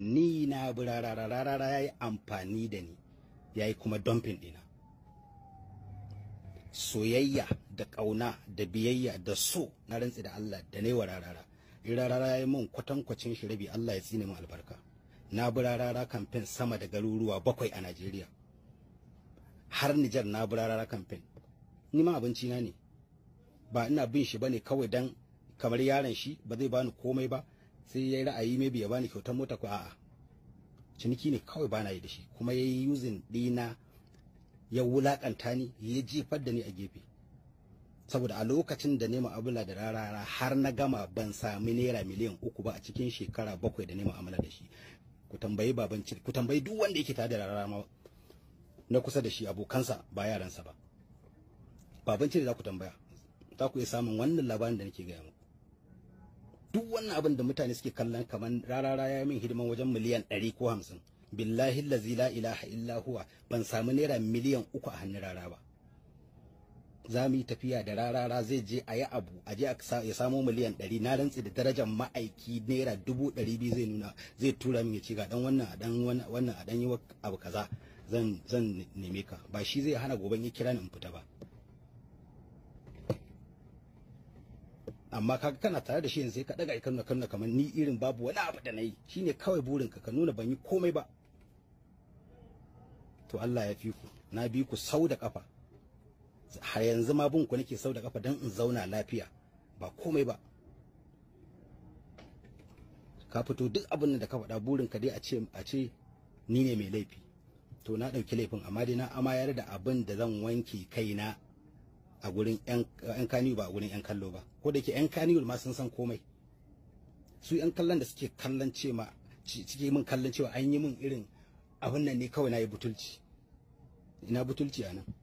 ni na burararararara ya yi amfani da ni ya yi kuma dumping dina soyayya da ƙauna da biyayya da so na rantsi da Allah da ne wa rarara rarara ya yi min kwatankwacin shi rabi Allah ya tsine min albarka na kamfen sama da garuruwa bakwai a Najeriya har Nijar na bi kamfen ni ma abinci na ne ba ina bin shi bane kawai dan kamar yaron shi ba zai bani komai ba sai ya yi ra'ayi mai ya bani kyautar mota ko a'a ciniki ne kawai bana yi da shi kuma ya yi yuzin ɗina ya wulakanta ni ya jefar da ni a gefe saboda a lokacin da nema abula da rarara har na gama ban sami naira miliyan uku ba a cikin shekara bakwai da nema amala da shi ku tambayi baban ku tambayi duk wanda yake tare da rarara ma na kusa da shi abokansa ba yaransa ba baban cire za ku tambaya za ku iya samun wannan labarin da nake gaya muku duk wannan abin da mutane suke kallon kamar rarara ya min hidiman wajen miliyan ɗari ko hamsin billahi lazi la ilaha illa huwa ban samu naira miliyan uku a hannun rara ba za mu yi tafiya da rarara zai je a yi abu a je ya samo miliyan ɗari na rantsi da darajar ma'aiki naira dubu ɗari biyu zai nuna zai tura min ya ce ga dan wannan a dan wannan a dan yi abu kaza zan zan neme ka ba shi zai hana gobe ya kira ni in fita ba amma kaga kana tare da shi yanzu sai ka daga ikan kanna kamar ni irin babu wani abu da nayi shine kawai burin ka ka nuna ban yi komai ba to Allah ya fi ku na bi ku sau da kafa har yanzu ma bin ku nake sau da kafa dan in zauna lafiya ba komai ba ka fito duk abin da ka faɗa burin ka dai a ce a ce ni ne mai laifi to na ɗauki laifin amma dai na amayar da abin da zan wanke kaina a gurin yan kaniyu ba a gurin yan kallo ba ko da ke yan kaniyu ma sun san komai su yan kallon da suke kallon ce ma cike min kallon cewa an yi min irin abin nan ne kawai na yi butulci ina butulci a nan